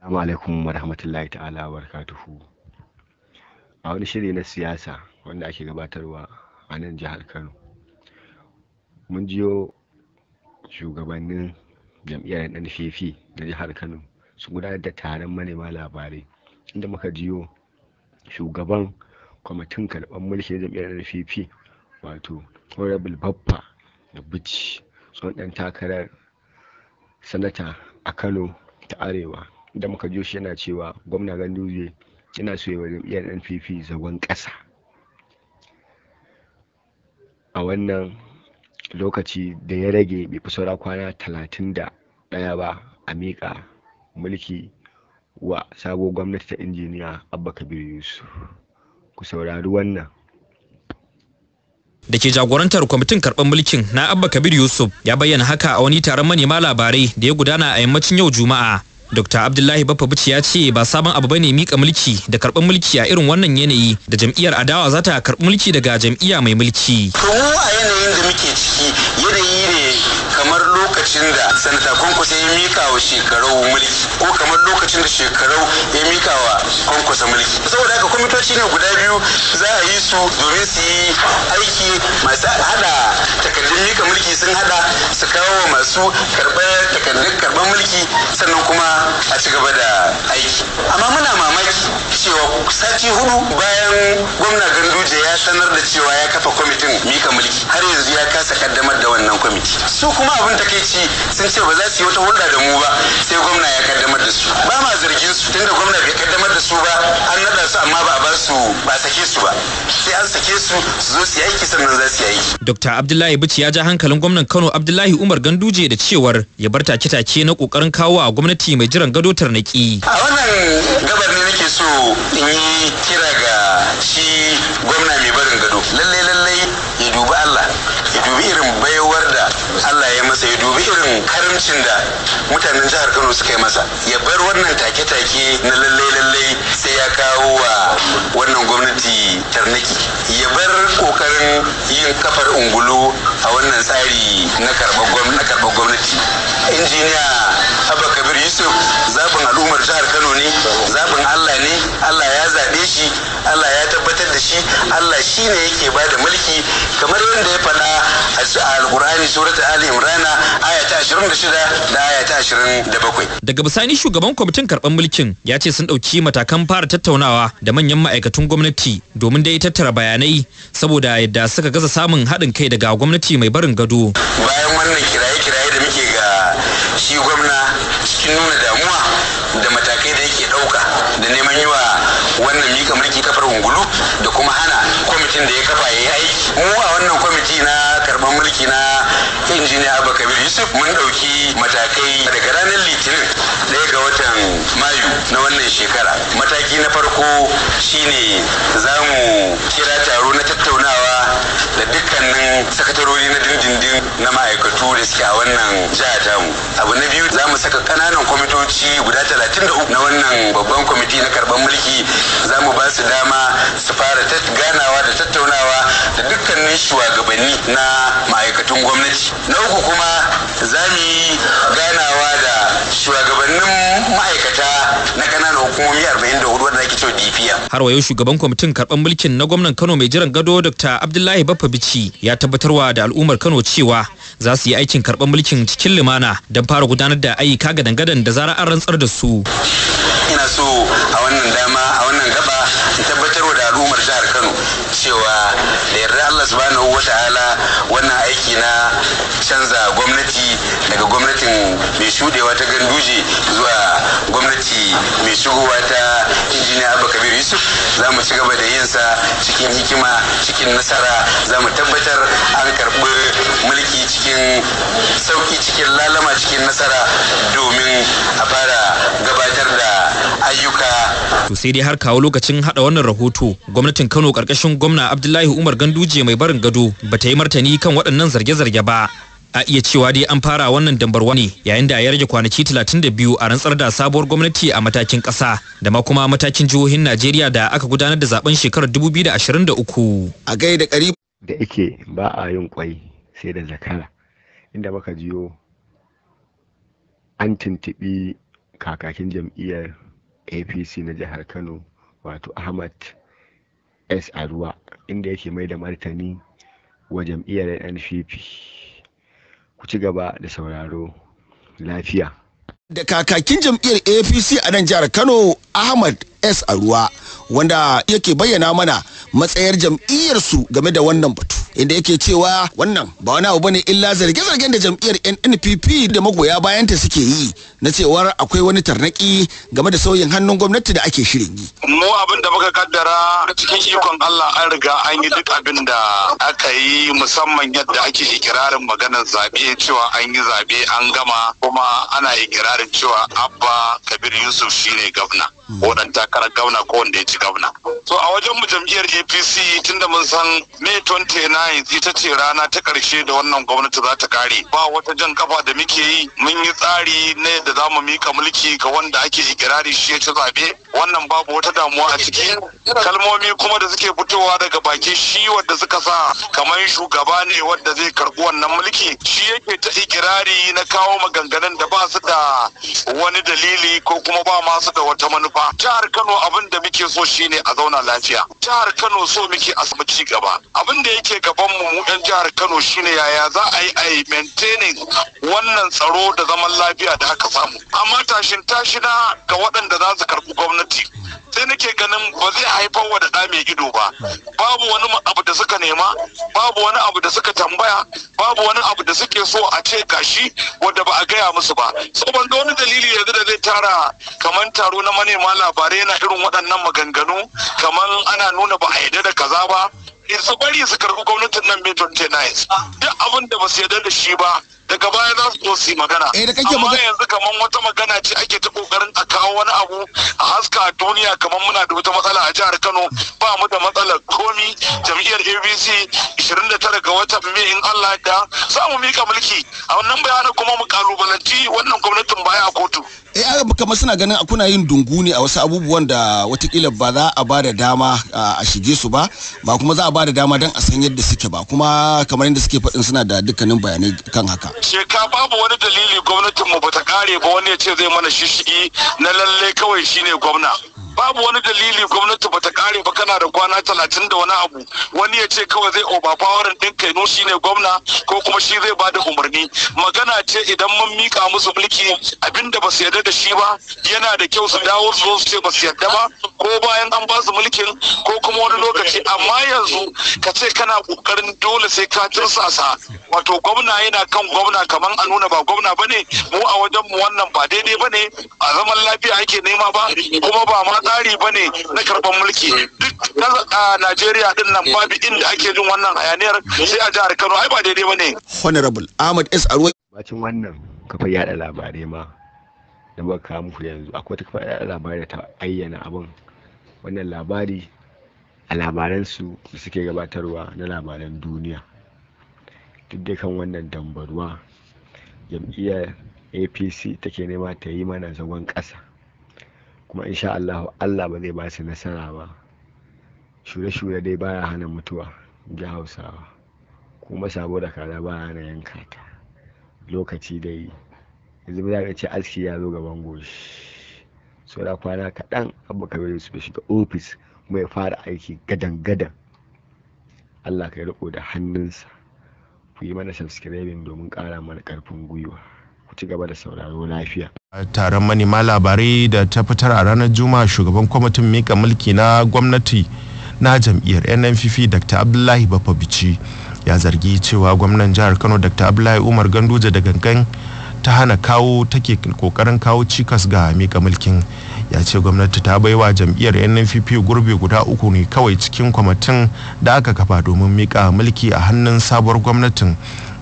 Assalamu alaikum wa rahmatullahi ta'ala wa barakatuhu. A wani shiri na siyasa wanda ake gabatarwa a nan jihar Kano. Mun jiyo shugabannin jam'iyyar ɗan fifi na jihar Kano su gudanar da taron manema labarai inda muka jiyo shugaban kwamitin karɓar mulki na jam'iyyar ɗan fifi wato Honorable Baffa da Bichi sun ɗan takarar sanata a Kano ta Arewa da muka jo shi yana cewa gwamna ganduje yana so yawa yan npp zagon ƙasa a wannan lokaci da ya rage bai fi kwana talatin da ɗaya ba a miƙa mulki wa sabo gwamnati ta injiniya abba kabir yusuf ku saurari wannan da ke jagorantar kwamitin karɓar mulkin na abba kabir yusuf ya bayyana haka a wani taron manema labarai da ya gudana a yammacin yau juma'a Dr. Abdullahi Baffa Bici ya ce ba sabon abu bane mika mulki da karɓar mulki a irin wannan yanayi da jam'iyyar adawa za ta karɓi mulki daga jam'iyya mai mulki. To a yanayin da muke ciki lokacin da sanata kwankwasa ya mika wa shekarau mulki ko kamar lokacin da shekarau ya mika wa kwankwasa mulki saboda haka kwamitoci ne guda biyu za a yi su domin su yi aiki masu hada takardun mika mulki sun hada su kawo masu karɓar takardun karɓar mulki sannan kuma a ci gaba da aiki amma muna mamaki cewa sati hudu bayan gwamna ganduje ya sanar da cewa ya kafa kwamitin mika mulki har yanzu ya kasa kaddamar da wannan kwamiti su kuma abin takaici sun ce ba za su yi wata hulɗa da mu ba sai gwamna ya kaddamar da su ba ma zargin su tunda gwamna bai kaddamar da su ba an naɗa su amma ba a ba su ba sake su ba sai an sake su su zo su yi aiki sannan za su yi aiki. Dr. Abdullahi Bichi ya ja hankalin gwamnan Kano Abdullahi Umar Ganduje da cewar ya bar take-take na kokarin kawo a gwamnati mai jiran gado tarnaki. A wannan gabar ne nake so in yi irin karamcin da mutanen jihar kano suka yi masa ya bar wannan take-take na lalle lalle sai ya kawo wa wannan gwamnati tarniki ya bar kokarin yin kafar ungulu a wannan tsari na karɓar gwamnati injiniya abba kabir yusuf zaɓin al'ummar jihar kano ne zaɓin allah ne allah ya zaɓe shi allah ya tabbatar da shi allah shi ne yake ba da mulki kamar yadda ya faɗa Qur'ani surata Ali Imran aya ta 26 da aya ta 27. Daga bisani shugaban kwamitin karɓar mulkin ya ce sun ɗauki matakan fara tattaunawa da manyan ma'aikatan gwamnati domin dai tattara bayanai saboda yadda suka gaza samun haɗin kai daga gwamnati mai barin gado. Bayan wannan kiraye-kiraye da muke ga shi gwamna cikin nuna damuwa da matakai da yake ɗauka da neman yi wa wannan mika mulki kafar ungulu da kuma hana kwamitin da ya kafa ya yi aiki. Mu a wannan kwamiti na karɓar mulki na injiniya abu kabir yusuf mun ɗauki matakai daga ranar litinin daya ga watan mayu na wannan shekara mataki na farko shine za mu kira taro na tattaunawa da dukkanin sakatarori na dindindin na ma'aikatu da suke a wannan jiha tamu abu na biyu za mu saka kananan kwamitoci guda talatin da uku na wannan babban kwamiti na karɓar mulki za mu ba su dama su fara ganawa da tattaunawa da dukkanin shugabanni na ma'aikatan gwamnati na uku kuma za mu yi ganawa da shugabannin ma'aikata na ƙananan hukumomi 44 wanda ake cewa dpm har wayo shugaban kwamitin karɓar mulkin na gwamnan kano mai jiran gado dr abdullahi baffa bici ya tabbatarwa da al'ummar kano cewa za su yi aikin karɓar mulkin cikin limana don fara gudanar da ayyuka ga dangadan da zara an rantsar da su ina so a wannan dama a wannan gaba tabbatarwa da al'ummar jihar kano cewa da yarda allah subhanahu wa ta'ala canza gwamnati daga gwamnatin mai shudewa ta ganduje zuwa gwamnati mai shigowa ta injiniya abu kabir yusuf za mu ci gaba da yin sa cikin hikima cikin nasara za mu tabbatar an karɓi mulki cikin sauki cikin lalama cikin nasara domin a fara gabatar da ayyuka to sai dai har kawo lokacin hada wannan rahoto gwamnatin kano karkashin gwamna abdullahi umar ganduje mai barin gado bata yi martani kan waɗannan zarge-zarge ba a iya cewa dai an fara wannan dambarwa ne yayin da ya rage kwanaki 32 a rantsar da sabuwar gwamnati a matakin kasa da ma kuma matakin jihohin Najeriya da aka gudanar da zaben shekarar 2023 a gai da ƙari da yake ba a yin kwai sai da zakara inda muka jiyo an tuntuɓi kakakin jam'iyyar apc na jihar kano wato ahmad s aruwa inda yake mai da martani wa jam'iyyar npp ku ci gaba da sauraro lafiya. Da kakakin jam'iyyar APC a nan jihar Kano Ahmad S. Aruwa wanda yake bayyana mana matsayar jam'iyyarsu game da wannan batu. inda yake cewa wannan ba wani abu bane illa zarge-zargen da jam'iyyar NNPP da magoya bayanta suke yi na cewar akwai wani tarnaki game da sauyin hannun gwamnati da ake shirin yi. Mu abin da muka kaddara cikin ikon Allah an riga an yi duk abin da aka yi musamman yadda ake ikirarin maganar zaɓe cewa an yi zaɓe an gama kuma ana ikirarin cewa Abba Kabir Yusuf shine gwamna. ko dan takarar gwamna ko wanda ya ci gwamna so a wajen mu jam'iyyar APC tunda mun san May 29 ita ce rana ta karshe da wannan gwamnati za ta kare ba wata jan kafa da muke yi mun yi tsari na yadda za mu mika mulki ga wanda ake ikirari shi ya ci zabe wannan babu wata damuwa a ciki kalmomi kuma da suke fitowa daga baki shi wanda suka sa kamar shugaba ne wanda zai karɓi wannan mulki shi yake ta ikirari na kawo maganganun da ba su da wani dalili ko kuma ba masu da wata manufa ba jihar Kano abin da muke so shine a zauna lafiya jihar Kano so muke a samu ci gaba abin da yake gaban mu yan jihar Kano shine yaya za a yi a maintaining wannan tsaro da zaman lafiya da aka samu amma tashin tashina ga waɗanda za su karɓi gwamnati sai nake ganin ba zai haifar wa da ɗa mai ido ba babu wani abu da suka nema babu wani abu da suka tambaya babu wani abu da suke so a ce gashi wanda ba a gaya musu ba so ban ga wani dalili yanzu da zai tara kamar taro na manema labarai yana irin waɗannan maganganu kamar ana nuna ba a yarda da kaza ba su bari su karɓi gwamnatin nan mai 29 duk abin da ba su yarda da shi ba daga baya za su zo su yi magana eh, amma yanzu kamar wata magana ce ake ta kokarin a kawo wani abu a haska a duniya kamar muna da wata matsala a jihar Kano ba mu da matsalar komi jam'iyyar ABC 29 ga watan Mai in Allah da za mu mika mulki a wannan bayanan kuma mu kalubalanci wannan gwamnatin baya a kotu eh kamar suna ganin kuna yin dungu ne a wasu abubuwan da watakila ba za a ba da dama a shige su ba ba kuma za a ba da dama don a san yadda suke ba kuma kamar yadda suke faɗin suna da dukkanin bayanai kan haka sheka babu wani dalili gwamnatinmu ba ta kare ba wani ya ce zai mana shishigi na lalle kawai shine gwamna babu wani dalili gwamnati ba ta kare ba kana da kwana talatin da wani abu wani ya ce kawai zai overpowering din kainu shine gwamna ko kuma shi zai ba da umarni magana ce idan mun mika musu mulki abinda ba su yarda da shi ba yana da kyau su dawo su ce ba su yarda ba ko bayan an ba su mulkin ko kuma wani lokaci amma yanzu ka ce kana kokarin dole sai ka tirsasa wato gwamna yana kan gwamna kamar a nuna ba gwamna bane mu a wajen mu wannan ba daidai bane a zaman lafiya ake nema ba kuma ba ma tsari ba ne na karɓar mulki duk a Najeriya din nan babu inda ake jin wannan hayaniyar sai a jihar Kano ai ba daidai ba ne. Honorable Ahmad S. Arwai. Bacin wannan kafa yada labarai ma da ba kawo muku yanzu akwai wata kafa yada labarai da ta ayyana abin wannan labari a labaransu da suke gabatarwa na labaran duniya duk da kan wannan dambarwa jam'iyyar apc take nema ta yi mana zagon ƙasa kuma insha Allah Allah ba zai ba su nasara ba shure-shure dai baya hana mutuwa ji hausawa kuma sabo da kaza baya hana yanka ta lokaci dai yanzu ba za ka ce aski ya zo gaban goshi saura kwana kaɗan abu ka bai su shiga ofis mai fara aiki gadan-gadan allah ka riko da hannunsa ku yi mana subscribing domin ƙara mana ƙarfin gwiwa ku ci gaba da sauraro lafiya taron manema labarai da ta fitar a ranar juma'a shugaban kwamitin mika mulki na gwamnati na jam'iyyar nnpp dr abdullahi bafabici ya zargi cewa gwamnan jihar kano dr abdullahi umar ganduja da gangan ta hana kawo take kokarin kawo cikas ga mika mulkin ya ce gwamnati ta baiwa jam'iyyar nnpp gurbe guda uku ne kawai cikin kwamitin da aka kafa domin mika mulki a hannun sabuwar gwamnatin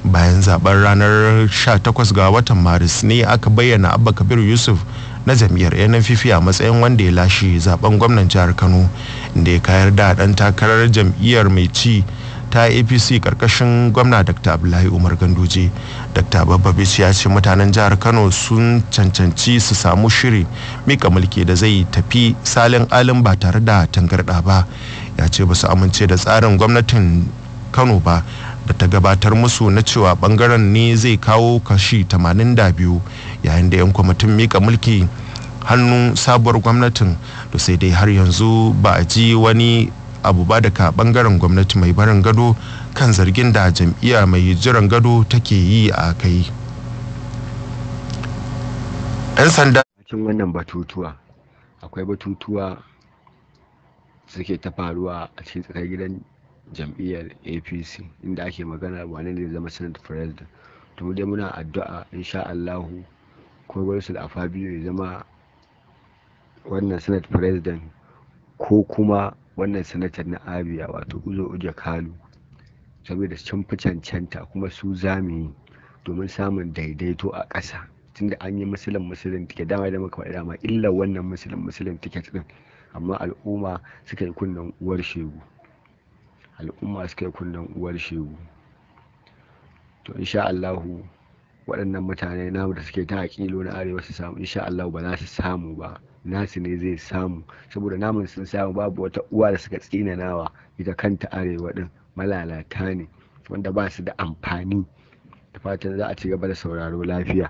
bayan zaben ranar 18 ga watan maris ne aka bayyana abba kabir yusuf na jam'iyyar nnpp a matsayin wanda ya lashe zaben gwamnan jihar kano inda ya kayar da dan takarar jam'iyyar mai ci ta apc karkashin gwamna dr abdullahi umar ganduje dr bisu ya ce mutanen jihar kano sun cancanci su samu shiri mika mulki da zai tafi salin alin ba tare da tangarda ba ya ce ba su amince da tsarin gwamnatin kano ba da ta gabatar musu na cewa bangaren ne zai kawo kashi 82 yayin da 'yan kwamitin mika mulki hannun sabuwar gwamnatin da sai dai har yanzu ba a ji wani abu ba daga bangaren gwamnati mai barin gado kan zargin da jam'iyya mai jiran gado take yi a kai. 'yan sanda cikin wannan batutuwa akwai batutuwa suke ta faruwa a cikin tsakar gidan jam'iyyar apc inda ake magana wane ne zama senate president to mu dai muna addu'a insha allahu ko gwamnatin afabiyo ya zama wannan senate president ko kuma wannan sanatar na abia wato uzo uje kalu saboda fi cancanta kuma su zami domin samun daidaito a ƙasa tunda an yi musulun musulun tiket dama da maka faɗi dama illa wannan musulun musulun tiket din amma al'umma suka yi kunnen uwar shegu al'umma su kai kunnen uwar shegu to insha Allahu waɗannan mutane namu da suke ta aƙilo na arewa su samu insha Allahu ba za su samu ba nasu ne zai samu saboda namun sun samu babu wata uwa da suka tsina nawa ita kanta arewa din malalata ne wanda ba su da amfani da fatan za a ci gaba da sauraro lafiya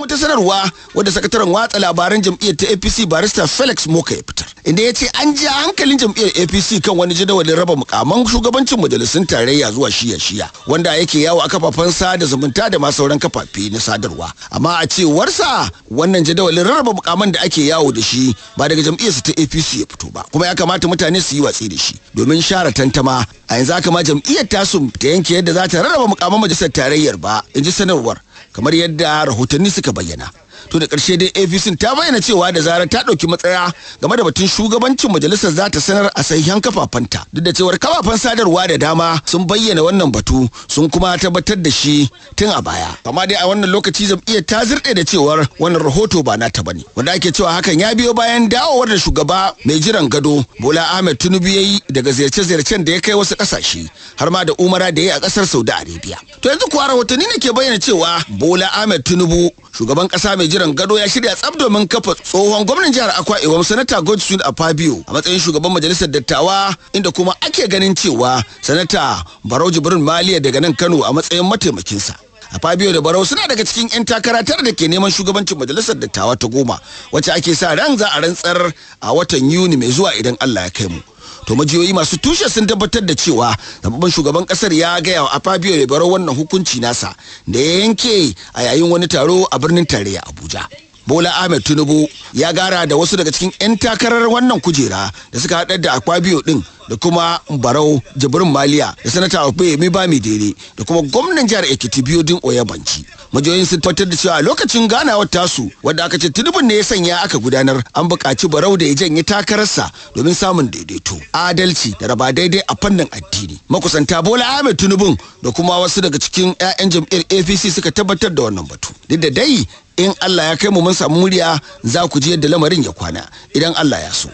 wata sanarwa wadda sakataren watsa labaran jam'iyyar ta apc barista felix moka ya fitar inda ya ce an ji hankalin jam'iyyar apc kan wani jadawalin raba mukaman shugabancin majalisun tarayya zuwa shiya shiya wanda yake yawo a kafafen da zumunta da ma sauran kafafe na sadarwa amma a cewarsa wannan jadawalin raba mukaman da ake yawo da shi ba daga jam'iyyarsa ta apc ya fito ba kuma ya kamata mutane su yi watsi da shi domin share tantama a yanzu haka ma jam'iyyar tasu ta yanke yadda za ta rarraba mukaman majalisar tarayyar ba in ji sanarwar kamar yadda rahotanni suka bayyana to da karshe dai apc ta bayyana cewa da zarar ta ɗauki matsaya game da batun shugabancin majalisar za ta sanar a sahihan kafafanta duk da cewar kafafan sadarwa da dama sun bayyana wannan batu sun kuma tabbatar da shi tun a baya amma dai a wannan lokaci jam'iyyar ta zirɗe da cewar wannan rahoto ba nata bane wanda ake cewa hakan ya biyo bayan dawowar da shugaba mai jiran gado bola ahmed tinubu yayi daga ziyarce-ziyarcen da ya kai wasu kasashe, har ma da umara da ya yi a kasar saudi arabia to yanzu kuwa rahotanni ne ke bayyana cewa bola ahmed tinubu shugaban kasa mai jiran gado ya shirya tsab domin kafa tsohon gwamnan jihar Akwa Ibom sanata Godswill Afabio a matsayin shugaban majalisar dattawa inda kuma ake ganin cewa sanata Barau Jibrin Maliya daga nan Kano a matsayin mataimakinsa. a Fabio da Barau suna daga cikin 'yan takara tara da ke neman shugabancin majalisar dattawa ta goma wacce ake sa ran za a rantsar a watan Yuni mai zuwa idan Allah ya kai mu. to majiyoyi masu tushe sun tabbatar da cewa zababban shugaban kasar ya gaya wa Fabio Rebaro wannan hukunci nasa da ya yanke a yayin wani taro a birnin tarayya Abuja Bola Ahmed Tinubu ya gara da wasu daga cikin 'yan takarar wannan kujera da suka haɗar da akwabiyo ɗin da kuma barau jibrin maliya da sanata ofe mai ba mai dere da kuma gwamnan jihar ekiti biyu din oyabanci majiyoyin sun tabbatar da cewa lokacin ganawar tasu wadda aka ce tunubin ne ya sanya aka gudanar an buƙaci barau da ya janye takararsa domin samun daidaito adalci da raba daidai a fannin addini makusanta bola ahmed tunubin da kuma wasu daga cikin 'ya'yan jam'iyyar apc suka tabbatar da wannan batu duk da dai in allah ya kai mu mun samu murya za ku ji yadda lamarin ya kwana idan allah ya so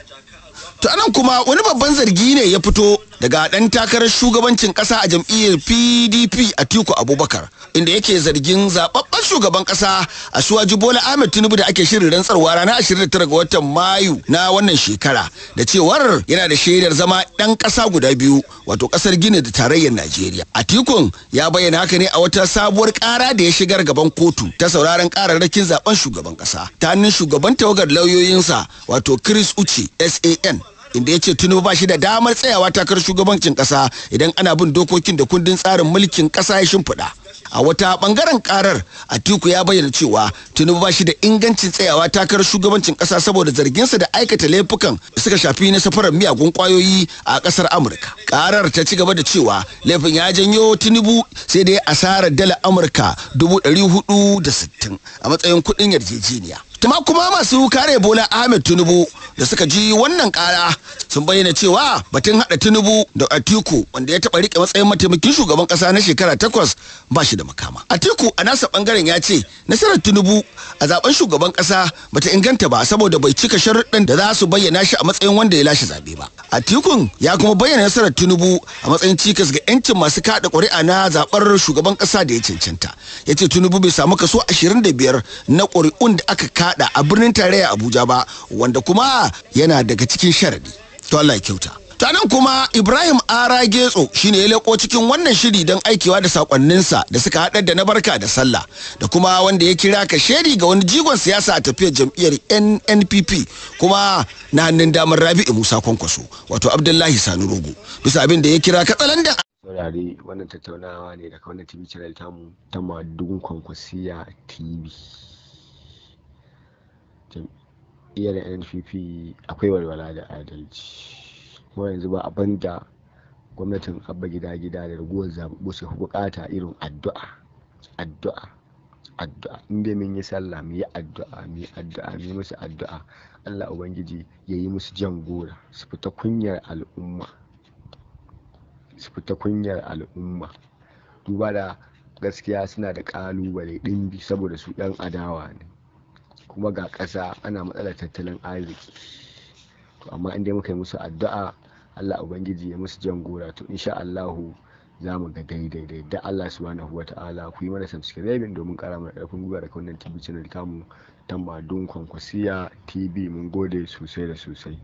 to anan kuma wani babban zargi ne ya fito daga ɗan takarar shugabancin ƙasa a jam'iyyar pdp a tiku abubakar inda yake zargin zababben shugaban ƙasa a suwaji bola ahmed tinubu da ake shirin rantsarwa ranar 29 ga watan mayu na wannan shekara da cewar yana da shaidar zama ɗan ƙasa guda biyu wato ƙasar gini da tarayyar najeriya a tikun ya bayyana haka ne a wata sabuwar ƙara da ya shigar gaban kotu ta sauraron ƙararrakin zaben shugaban ƙasa ta hannun shugaban tawagar lauyoyinsa wato chris uche san inda ya ce tinubu ba shi da damar tsayawa takar shugabancin kasa idan ana bin dokokin da kundin tsarin mulkin kasa ya shimfiɗa a wata bangaren karar atiku ya bayyana cewa tinubu ba shi da ingancin tsayawa takar shugabancin kasa saboda zarginsa da aikata laifukan suka shafi na safarar miyagun kwayoyi a kasar amurka karar ta ci gaba da cewa laifin ya janyo tinubu sai dai asarar dala amurka dubu ɗari hudu da sittin a matsayin kuɗin yarjejeniya tuma kuma masu kare bola ahmed tinubu da suka ji wannan kara sun bayyana cewa batun hada tinubu da atiku wanda ya taba rike matsayin mataimakin shugaban kasa na shekara takwas ba shi da makama atiku a nasa bangaren ya ce nasarar tinubu a zaben shugaban kasa bata inganta ba saboda bai cika sharuɗin da za su bayyana shi a matsayin wanda ya lashe zabe ba Atiku ya kuma bayyana nasarar tinubu a matsayin cikas ga yancin masu kada ƙuri'a na zaɓar shugaban kasa da ya cancanta ya ce tinubu bai samu kaso ashirin da biyar na ƙuri'un da aka yada a birnin tarayya Abuja ba wanda kuma yana daga cikin sharadi to Allah ya kyauta ta nan kuma ibrahim ara getso shine ya leko cikin wannan shiri don aikewa da sakonninsa da suka haɗar da na barka da sallah da kuma wanda ya kira ka sheri ga wani jigon siyasa a tafiyar jam'iyyar nnpp kuma na hannun damar rabi'u musa kwankwaso wato abdullahi sani rogo bisa abin da ya kira katsalandan saurare wannan tattaunawa ne daga wannan tv channel tamu ta madun kwankwasiya tv iya da npp akwai walwala da adalci kuma yanzu ba abin da gwamnatin abba gida gida da raguwar zaɓu su bukata irin addu'a addu'a addu'a inda mun yi sallah mu yi addu'a mu yi addu'a mu yi musu addu'a Allah ubangiji ya yi musu jan gora su fita kunyar al'umma su fita kunyar al'umma duba da gaskiya suna da kalubale bi saboda su ɗan adawa ne kuma ga ƙasa ana matsalar tattalin arziki to amma in dai muka yi musu addu'a Allah ubangiji ya musu jan gora to insha Allahu za mu ga daidai da da Allah subhanahu wa ta'ala ku yi mana subscribing domin ƙara mana ƙarfin gwiwa da wannan TV channel tamu tamba, dun Kwankwasiya TV mun gode sosai da sosai